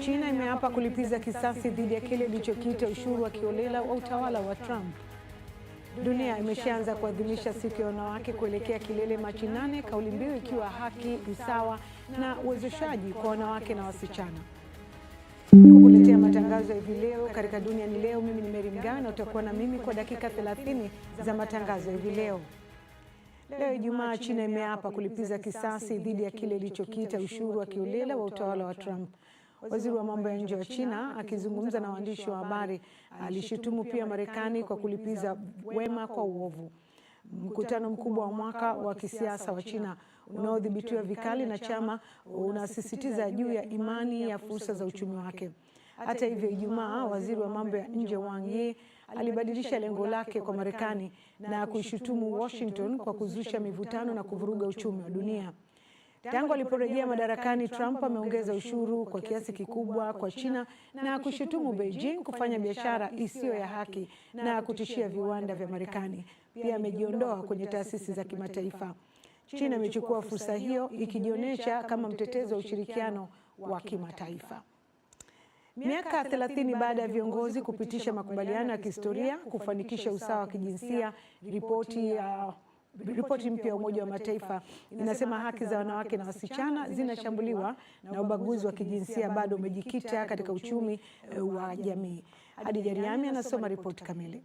China imeapa kulipiza kisasi dhidi ya kile ilichokiita ushuru wa kiolela wa utawala wa Trump. Dunia imeshaanza kuadhimisha siku ya wanawake kuelekea kilele Machi nane, kauli mbiu ikiwa haki, usawa na uwezeshaji kwa wanawake na wasichana. Kukuletea matangazo hivi leo katika Dunia ni Leo, mimi ni Meri Mgawe na utakuwa na mimi kwa dakika 30 za matangazo hivi leo. Leo Ijumaa, China imeapa kulipiza kisasi dhidi ya kile ilichokiita ushuru wa kiolela wa utawala wa Trump. Waziri wa mambo ya nje wa China akizungumza na waandishi wa habari alishutumu pia Marekani kwa kulipiza wema kwa uovu. Mkutano mkubwa wa mwaka wa kisiasa wa China unaodhibitiwa vikali na chama unasisitiza juu ya imani ya fursa za uchumi wake. Hata hivyo, Ijumaa, waziri wa mambo ya nje Wang Yi alibadilisha lengo lake kwa Marekani na kuishutumu Washington kwa kuzusha mivutano na kuvuruga uchumi wa dunia. Tangu aliporejea madarakani, Trump ameongeza ushuru kwa kiasi kikubwa kwa China na kushutumu Beijing kufanya biashara isiyo ya haki na kutishia viwanda vya Marekani. Pia amejiondoa kwenye taasisi za kimataifa. China imechukua fursa hiyo ikijionyesha kama mtetezi wa ushirikiano wa kimataifa. Miaka 30 baada ya viongozi kupitisha makubaliano ya kihistoria kufanikisha usawa wa kijinsia, ripoti ya uh, Ripoti mpya ya Umoja wa Mataifa inasema haki za wanawake na wasichana zinashambuliwa na ubaguzi wa kijinsia bado umejikita katika uchumi eh, wa jamii. Hadi Jariami anasoma ripoti kamili.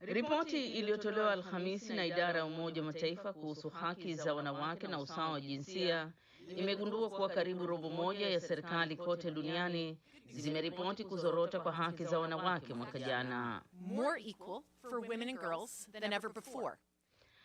Ripoti iliyotolewa Alhamisi na idara ya Umoja wa Mataifa kuhusu haki za wanawake na usawa wa jinsia imegundua kuwa karibu robo moja ya serikali kote duniani zimeripoti kuzorota kwa haki za wanawake mwaka jana.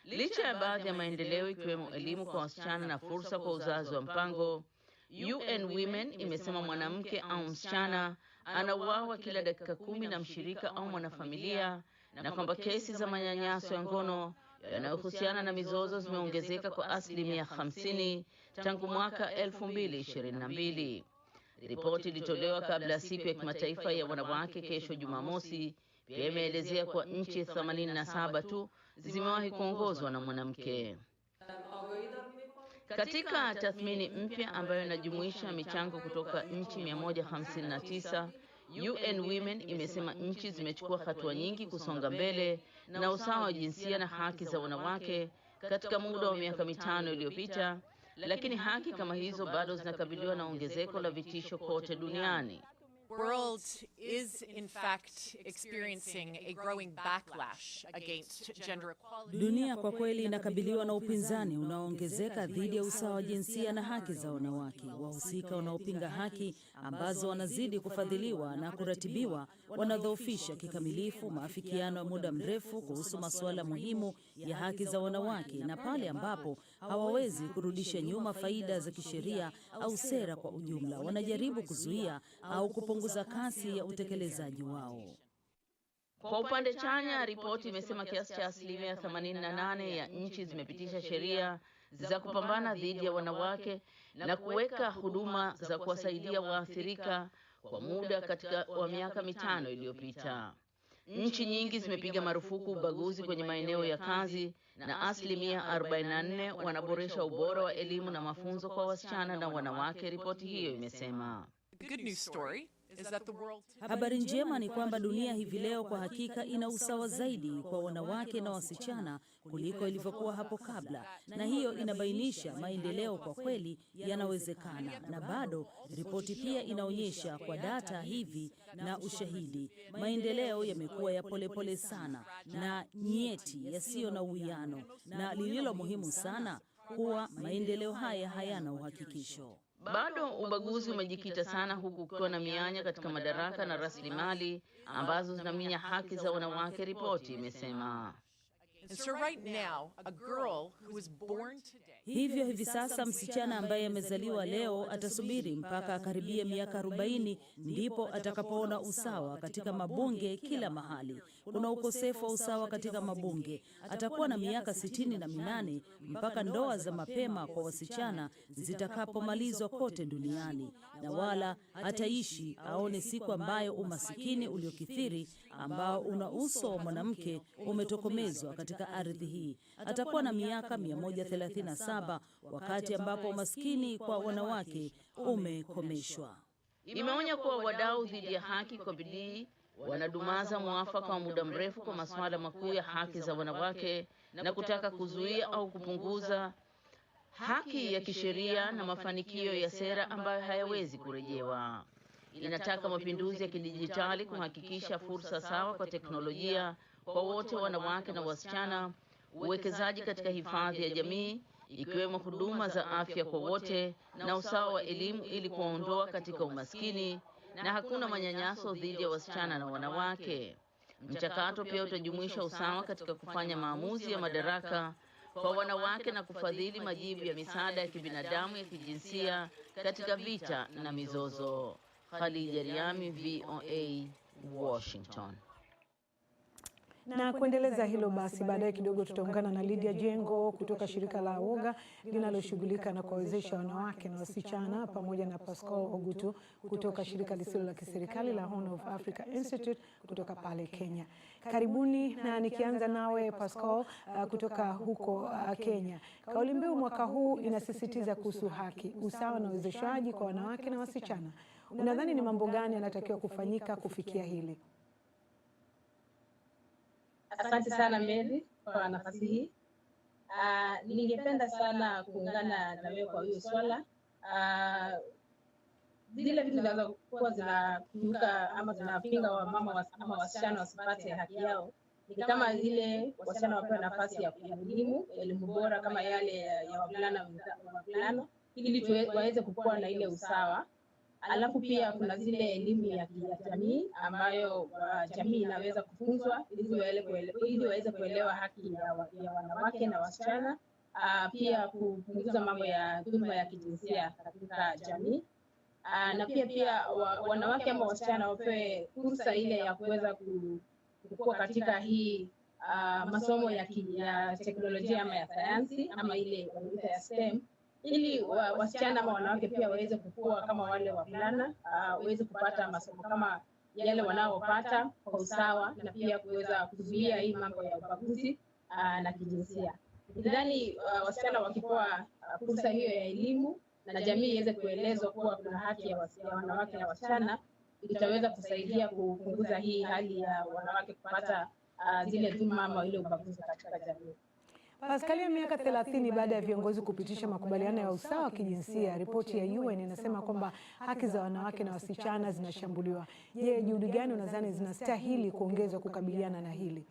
Licha ya baadhi ya maendeleo ikiwemo elimu kwa wasichana na fursa kwa uzazi wa mpango, UN Women imesema mwanamke au msichana anauawa kila dakika kumi na mshirika au mwanafamilia, na kwamba kesi za manyanyaso ya ngono yanayohusiana na mizozo zimeongezeka kwa asilimia 50 tangu mwaka 2022. Ripoti ilitolewa kabla ya siku ya kimataifa ya wanawake kesho Jumamosi pia imeelezea kuwa nchi 87 tu zimewahi kuongozwa na mwanamke. Katika tathmini mpya ambayo inajumuisha michango kutoka nchi 159 UN Women imesema nchi zimechukua hatua nyingi kusonga mbele na usawa wa jinsia na haki za wanawake katika muda wa miaka mitano iliyopita, lakini haki kama hizo bado zinakabiliwa na ongezeko la vitisho kote duniani world is in fact experiencing a growing backlash against gender equality. Dunia kwa kweli inakabiliwa na upinzani unaoongezeka dhidi ya usawa wa jinsia na haki za wanawake. Wahusika wanaopinga haki ambazo wanazidi kufadhiliwa na kuratibiwa wanadhoofisha kikamilifu maafikiano ya muda mrefu kuhusu masuala muhimu ya haki za wanawake, na pale ambapo hawawezi kurudisha nyuma faida za kisheria au sera kwa ujumla. Wanajaribu kuzuia au kupunguza kasi ya utekelezaji wao. Kwa upande chanya, ripoti imesema kiasi cha asilimia 88 ya nchi zimepitisha sheria za kupambana dhidi ya wanawake na kuweka huduma za kuwasaidia waathirika kwa muda katika wa miaka mitano iliyopita. Nchi nyingi zimepiga marufuku ubaguzi kwenye maeneo ya kazi na asilimia 44 wanaboresha ubora wa elimu na mafunzo kwa wasichana na wanawake, ripoti hiyo imesema. Habari njema ni kwamba dunia hivi leo kwa hakika ina usawa zaidi kwa wanawake na wasichana kuliko ilivyokuwa hapo kabla, na hiyo inabainisha maendeleo kwa kweli yanawezekana. Na bado ripoti pia inaonyesha kwa data hivi na ushahidi, maendeleo yamekuwa ya polepole pole sana na nyeti, yasiyo na uwiano, na lililo muhimu sana kuwa maendeleo haya hayana uhakikisho. Bado ubaguzi umejikita sana huku kukiwa na mianya katika madaraka na rasilimali ambazo zinaminya haki za wanawake, ripoti imesema. So right now, a girl who born today... Hivyo hivi sasa msichana ambaye amezaliwa leo atasubiri mpaka akaribie miaka 40 ndipo atakapoona usawa katika mabunge kila mahali, kuna ukosefu wa usawa katika mabunge. Atakuwa na miaka sitini na minane mpaka ndoa za mapema kwa wasichana zitakapomalizwa kote duniani, na wala hataishi aone siku ambayo umasikini uliokithiri ambao una uso wa mwanamke umetokomezwa katika ardhi hii. Atakuwa na miaka 137 wakati ambapo umasikini kwa wanawake umekomeshwa. Imeonya kuwa wadau dhidi ya haki kwa bidii wanadumaza mwafaka wa muda mrefu kwa masuala makuu ya haki za wanawake na kutaka kuzuia au kupunguza haki ya kisheria na mafanikio ya sera ambayo hayawezi kurejewa. Inataka mapinduzi ya kidijitali kuhakikisha fursa sawa kwa teknolojia kwa wote, wanawake na wasichana, uwekezaji katika hifadhi ya jamii ikiwemo huduma za afya kwa wote na usawa wa elimu ili kuwaondoa katika umaskini na hakuna manyanyaso dhidi ya wasichana na wanawake. Mchakato pia utajumuisha usawa katika kufanya maamuzi ya madaraka kwa wanawake na kufadhili majibu ya misaada ya kibinadamu ya kijinsia katika vita na mizozo. Khadija Riami, VOA, Washington. Na kuendeleza hilo basi, baadaye kidogo tutaungana na Lydia Jengo kutoka shirika la woga linaloshughulika na kuwawezesha wanawake na wasichana, pamoja na Pascal Ogutu kutoka shirika lisilo la kiserikali la Horn of Africa Institute kutoka pale Kenya. Karibuni, na nikianza nawe Pascal, uh, kutoka huko uh, Kenya. Kauli mbiu mwaka huu inasisitiza kuhusu haki, usawa na uwezeshaji kwa wanawake na wasichana. Unadhani ni mambo gani yanatakiwa kufanyika kufikia hili? Asante sana Mary kwa nafasi hii. Uh, ningependa sana kuungana na wewe kwa hiyo swala uh, zile vitu zinaweza kuwa zinakiuka ama zinapinga wamama ama wasichana wasipate haki yao ni kama zile wasichana wapewe nafasi ya elimu elimu bora kama yale ya wavulana wavulana, ili waweze kukua na ile usawa Alafu pia kuna zile elimu ya jamii ambayo uh, jamii inaweza kufunzwa ili waweze kuelewa haki ya, ya wanawake na wasichana uh, pia kupunguza mambo ya dhuluma ya kijinsia katika jamii. Uh, na pia pia wa, wanawake ama wasichana wapewe fursa ile ya kuweza kukua katika hii uh, masomo ya, ki, ya teknolojia ama ya sayansi ama ile wanaita ya STEM ili wa, wasichana ama wanawake pia waweze kukua kama wale wavulana, ah, waweze uh, kupata masomo kama yale wanaopata kwa usawa na pia kuweza kuzuia hii mambo ya ubaguzi uh, na kijinsia. nidhani uh, ah, wasichana wakipewa uh, fursa hiyo ya elimu na jamii iweze kuelezwa kuwa kuna haki ya, ya wanawake na wasichana, itaweza kusaidia kupunguza hii hali ya wanawake kupata uh, zile dhuma ama ile ubaguzi katika jamii ya miaka 30 baada ya viongozi kupitisha makubaliano ya usawa wa kijinsia, ripoti ya UN inasema kwamba haki za wanawake na wasichana zinashambuliwa. Je, juhudi gani unadhani zinastahili kuongezwa kukabiliana na hili?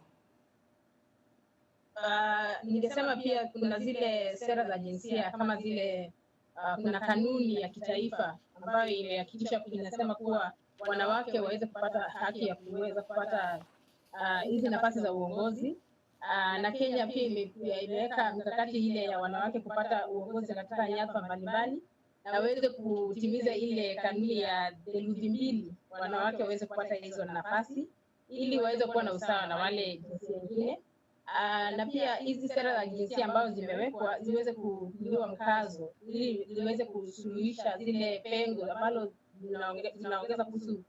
Uh, ningesema pia kuna zile sera za jinsia kama zile uh, kuna kanuni ya kitaifa ambayo imehakikisha inasema kuwa wanawake waweze kupata haki ya kuweza kupata uh, hizi uh, nafasi za uongozi Ah, na Kenya pia imeweka mkakati ile ya wanawake kupata uongozi katika nyadhifa mbalimbali na waweze kutimiza ile kanuni ya theluthi mbili, wanawake waweze kupata hizo nafasi ili waweze kuwa na usawa na wale jinsia nyingine. Ah, na pia hizi sera za jinsia ambazo zimewekwa ziweze kutuliwa mkazo ili ziweze kusuluhisha zile pengo ambalo zinaongeza kuhusu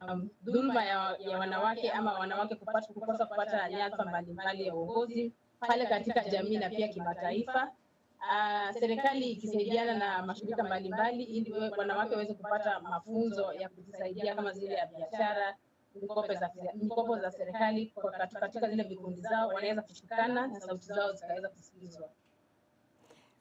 um, dhuluma ya, ya wanawake ama wanawake kupata, kukosa kupata nyadhifa mbalimbali ya uongozi pale katika jamii na pia kimataifa. Uh, serikali ikisaidiana na mashirika mbalimbali ili wanawake waweze kupata mafunzo ya kujisaidia kama zile ya biashara, mikopo za serikali katika zile vikundi zao, wanaweza kushikana na sauti zao zikaweza kusikizwa.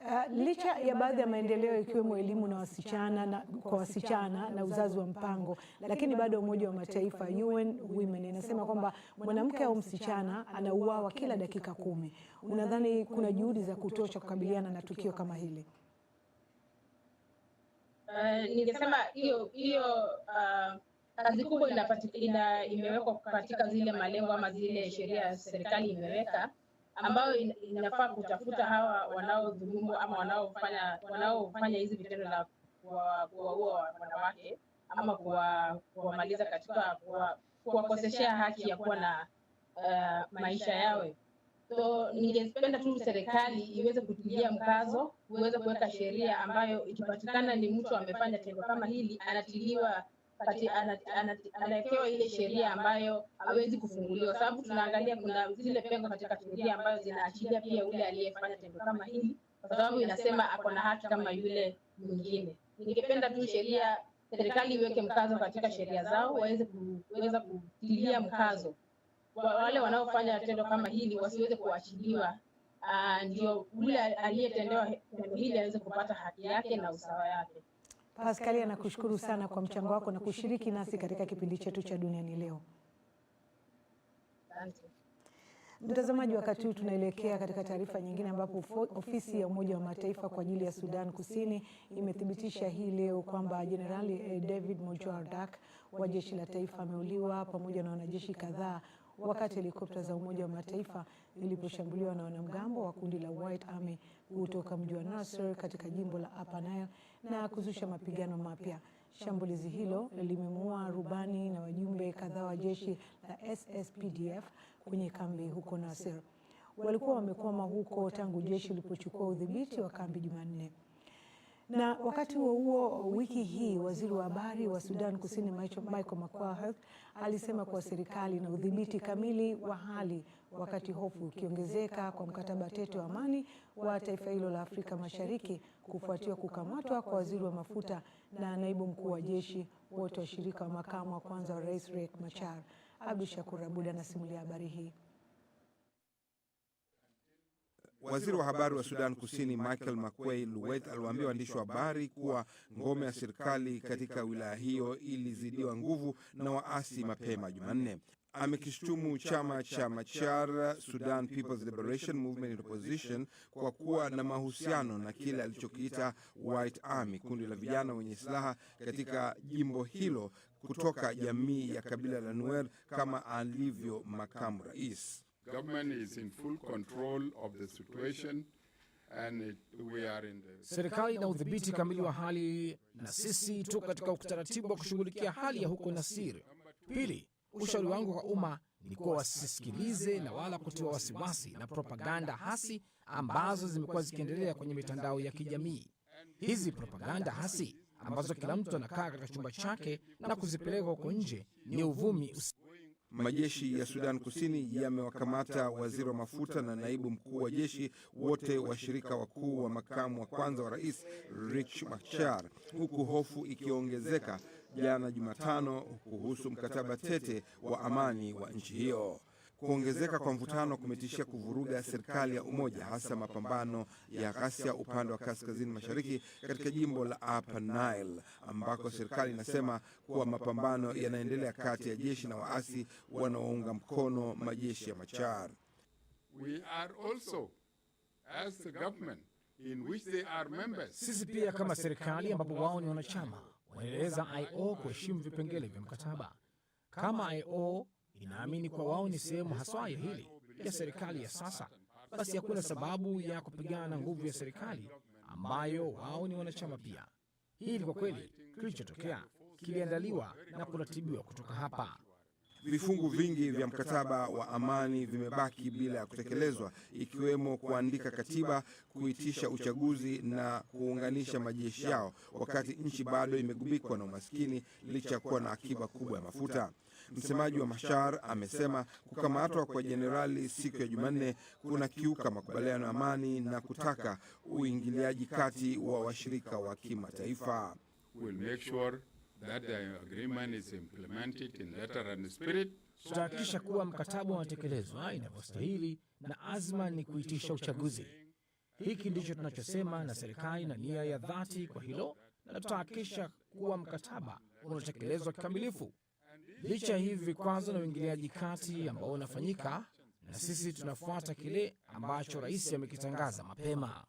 Uh, licha ya baadhi ya maendeleo ikiwemo elimu na wasichana na, kwa wasichana na uzazi wa mpango, lakini bado Umoja wa Mataifa UN Women inasema kwamba mwanamke au msichana anauawa kila dakika kumi. Unadhani kuna juhudi za kutosha kukabiliana na tukio kama hili? Uh, ningesema hiyo hiyo uh, kazi kubwa ina, imewekwa katika zile malengo ama zile sheria ya serikali imeweka ambayo inafaa kutafuta hawa wanaodhulumu ama wanaofanya wanaofanya hizi vitendo la kuwaua wanawake ama kuwamaliza katika kuwakoseshea haki ya kuwa na uh, maisha yawe so ningependa tu serikali iweze kutilia mkazo, iweze kuweka sheria ambayo ikipatikana ni mtu amefanya tendo kama hili, anatiliwa anawekewa ile sheria ambayo hawezi kufunguliwa, sababu tunaangalia kuna zile pengo katika sheria ambayo zinaachilia pia yule aliyefanya tendo kama hili, kwa sababu inasema ako na haki kama yule mwingine. Ningependa tu sheria, serikali iweke mkazo katika sheria zao, waweze kuweza kutilia mkazo wale wanaofanya tendo kama hili wasiweze kuachiliwa, ah, ndio yule aliyetendewa tendo hili aweze kupata haki yake na usawa yake. Paskalia, nakushukuru sana kwa mchango wako na kushiriki nasi katika kipindi chetu cha Duniani Leo. Mtazamaji, wakati huu tunaelekea katika taarifa nyingine ambapo ofisi ya Umoja wa Mataifa kwa ajili ya Sudan Kusini imethibitisha hii leo kwamba Jenerali eh, eh, David Mojardak wa jeshi la taifa ameuliwa pamoja na wanajeshi kadhaa wakati helikopta za Umoja wa Mataifa ziliposhambuliwa na wanamgambo wa kundi la White Army kutoka mji wa Nasr katika jimbo la Upper Nile na kuzusha mapigano mapya. Shambulizi hilo limemuua rubani na wajumbe kadhaa wa jeshi la SSPDF kwenye kambi huko Nasser. Walikuwa wamekwama huko tangu jeshi lilipochukua udhibiti wa kambi Jumanne. Na wakati huo huo, wiki hii waziri wa habari wa Sudan Kusini Michael Makwaha alisema kuwa serikali na udhibiti kamili wa hali wakati hofu ikiongezeka kwa mkataba tete wa amani wa taifa hilo la Afrika Mashariki kufuatia kukamatwa kwa waziri wa mafuta na naibu mkuu wa jeshi wote washirika wa makamu wa kwanza wa rais Riek Machar. Abdu Shakur Abud anasimulia habari hii. Waziri wa habari wa Sudan Kusini Michael Makwei Luwet aliwaambia waandishi wa habari kuwa ngome ya serikali katika wilaya hiyo ilizidiwa nguvu na waasi mapema Jumanne amekishtumu chama cha Machar, Sudan People's Liberation Movement in Opposition, kwa kuwa na mahusiano na kile alichokiita White Army, kundi la vijana wenye silaha katika jimbo hilo kutoka jamii ya kabila la Nuer, kama alivyo makamu rais. Serikali ina udhibiti kamili wa hali na sisi tuko katika utaratibu wa kushughulikia hali ya huko Nasir. Pili, Ushauri wangu kwa umma ni kuwa wasisikilize na wala kutiwa wasiwasi na propaganda hasi ambazo zimekuwa zikiendelea kwenye mitandao ya kijamii. Hizi propaganda hasi ambazo kila mtu anakaa katika chumba chake na kuzipeleka huko nje ni uvumi. Majeshi ya Sudan Kusini yamewakamata waziri wa mafuta na naibu mkuu wa jeshi, wote washirika wakuu wa makamu wa kwanza wa rais rich Machar, huku hofu ikiongezeka jana Jumatano kuhusu mkataba tete wa amani wa nchi hiyo. Kuongezeka kwa mvutano kumetishia kuvuruga serikali ya umoja, hasa mapambano ya ghasia upande wa kaskazini mashariki katika jimbo la Upper Nile ambako serikali inasema kuwa mapambano yanaendelea kati ya jeshi na waasi wanaounga mkono majeshi ya Machar. We are also, as the government in which they are members. Sisi pia kama serikali ambapo wao ni wanachama wanaeleza IO kuheshimu vipengele vya mkataba. Kama IO inaamini kuwa wao ni sehemu haswa ya hili ya serikali ya sasa, basi hakuna sababu ya kupigana na nguvu ya serikali ambayo wao ni wanachama pia. Hili kwa kweli, kilichotokea kiliandaliwa na kuratibiwa kutoka hapa. Vifungu vingi vya mkataba wa amani vimebaki bila ya kutekelezwa, ikiwemo kuandika katiba, kuitisha uchaguzi na kuunganisha majeshi yao, wakati nchi bado imegubikwa na umaskini licha ya kuwa na akiba kubwa ya mafuta. Msemaji wa Mashar amesema kukamatwa kwa jenerali siku ya Jumanne kuna kiuka makubaliano ya amani na kutaka uingiliaji kati wa washirika wa kimataifa. We'll sure tutahakikisha kuwa mkataba unatekelezwa inavyostahili, na azma ni kuitisha uchaguzi. Hiki ndicho tunachosema, na serikali na nia ya dhati kwa hilo, na tutahakikisha kuwa mkataba unatekelezwa kikamilifu. Licha ya hivi vikwazo na uingiliaji kati ambao unafanyika, na sisi tunafuata kile ambacho rais amekitangaza mapema.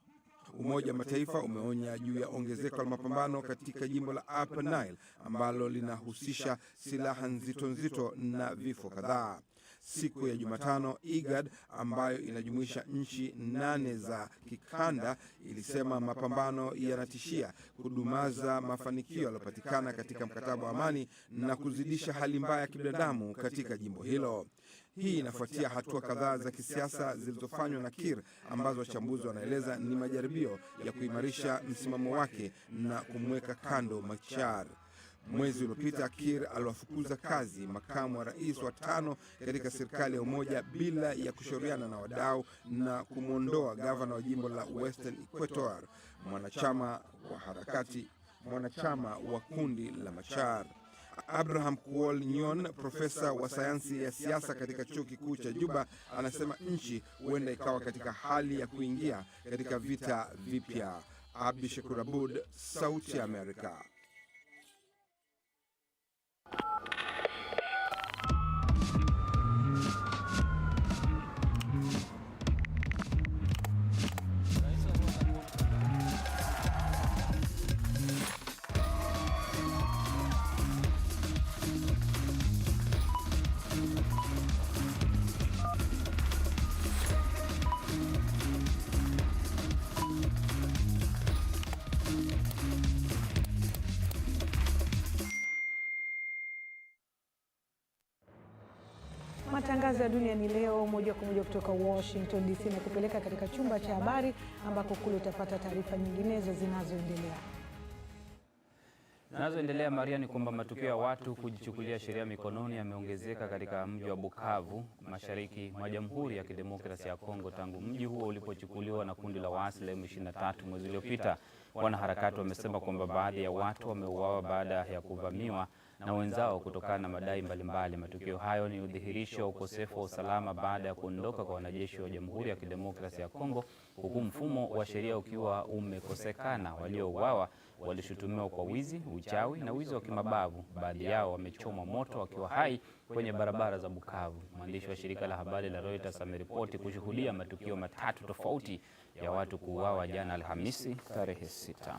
Umoja wa Mataifa umeonya juu ya ongezeko la mapambano katika jimbo la Upper Nile ambalo linahusisha silaha nzito nzito na vifo kadhaa siku ya Jumatano, IGAD ambayo inajumuisha nchi nane za kikanda ilisema mapambano yanatishia kudumaza mafanikio yaliyopatikana katika mkataba wa amani na kuzidisha hali mbaya ya kibinadamu katika jimbo hilo. Hii inafuatia hatua kadhaa za kisiasa zilizofanywa na Kir ambazo wachambuzi wanaeleza ni majaribio ya kuimarisha msimamo wake na kumweka kando Machar. Mwezi uliopita Kir aliwafukuza kazi makamu wa rais wa tano katika serikali ya umoja bila ya kushauriana na wadau na kumwondoa gavana wa jimbo la Western Equator, mwanachama wa harakati, mwanachama wa kundi la Machar. Abraham Kuol Nyon, profesa wa sayansi ya siasa katika chuo kikuu cha Juba, anasema nchi huenda ikawa katika hali ya kuingia katika vita vipya. abdu Shakur Abud, Sauti ya Amerika. you Matangazo ya dunia ni leo moja kwa moja kutoka Washington DC na kupeleka katika chumba cha habari ambako kule utapata taarifa nyinginezo zinazoendelea zinazoendelea Maria, ni kwamba matukio ya watu kujichukulia sheria mikononi yameongezeka katika mji wa Bukavu, mashariki mwa Jamhuri ya Kidemokrasia ya Kongo tangu mji huo ulipochukuliwa na kundi la waasi la M23 mwezi uliopita. Wanaharakati wamesema kwamba baadhi ya watu wameuawa baada ya kuvamiwa na wenzao kutokana na madai mbalimbali. Matukio hayo ni udhihirisho wa ukosefu wa usalama baada ya kuondoka kwa wanajeshi wa Jamhuri ya Kidemokrasia ya Kongo, huku mfumo wa sheria ukiwa umekosekana. Waliouawa walishutumiwa kwa wizi, uchawi na wizi wa kimabavu. Baadhi yao wamechomwa moto wakiwa hai kwenye barabara za Bukavu. Mwandishi wa shirika la habari la Reuters ameripoti kushuhudia matukio matatu tofauti ya watu kuuawa jana Alhamisi tarehe sita.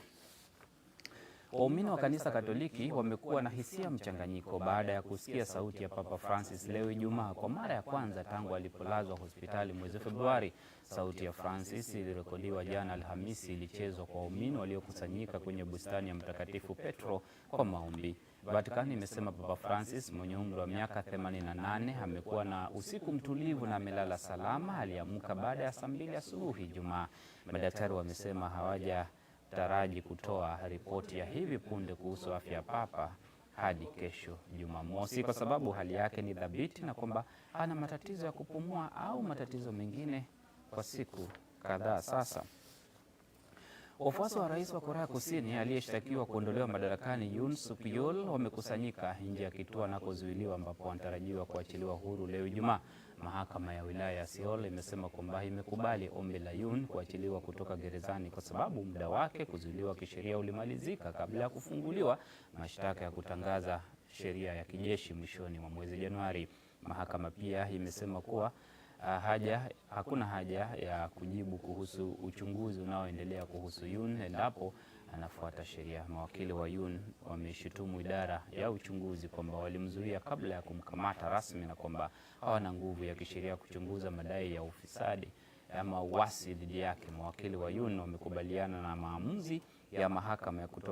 Waumini wa kanisa Katoliki wamekuwa na hisia mchanganyiko baada ya kusikia sauti ya Papa Francis leo Ijumaa kwa mara ya kwanza tangu alipolazwa hospitali mwezi Februari. Sauti ya Francis ilirekodiwa jana Alhamisi, ilichezwa kwa waumini waliokusanyika kwenye bustani ya Mtakatifu Petro kwa maombi. Vatikani imesema Papa Francis mwenye umri wa miaka 88 amekuwa na usiku mtulivu na amelala salama. Aliamka baada ya saa mbili asubuhi Ijumaa. Madaktari wamesema hawaja taraji kutoa ripoti ya hivi punde kuhusu afya ya papa hadi kesho Jumamosi, kwa sababu hali yake ni dhabiti na kwamba ana matatizo ya kupumua au matatizo mengine kwa siku kadhaa sasa. Wafuasi wa rais wa Korea Kusini aliyeshtakiwa kuondolewa madarakani Yoon Suk Yeol wamekusanyika nje ya kituo anakozuiliwa ambapo wanatarajiwa kuachiliwa huru leo Ijumaa. Mahakama ya wilaya ya siol imesema kwamba imekubali ombi la Yoon kuachiliwa kutoka gerezani kwa sababu muda wake kuzuiliwa kisheria ulimalizika kabla ya kufunguliwa mashtaka ya kutangaza sheria ya kijeshi mwishoni mwa mwezi Januari. Mahakama pia imesema kuwa ah, haja, hakuna haja ya kujibu kuhusu uchunguzi unaoendelea kuhusu Yoon endapo anafuata sheria. Mawakili wa Yun wameshutumu idara ya uchunguzi kwamba walimzuia kabla ya kumkamata rasmi na kwamba hawana nguvu ya kisheria kuchunguza madai ya ufisadi ama uasi dhidi yake. Mawakili wa Yun wamekubaliana na maamuzi ya mahakama ya kutoa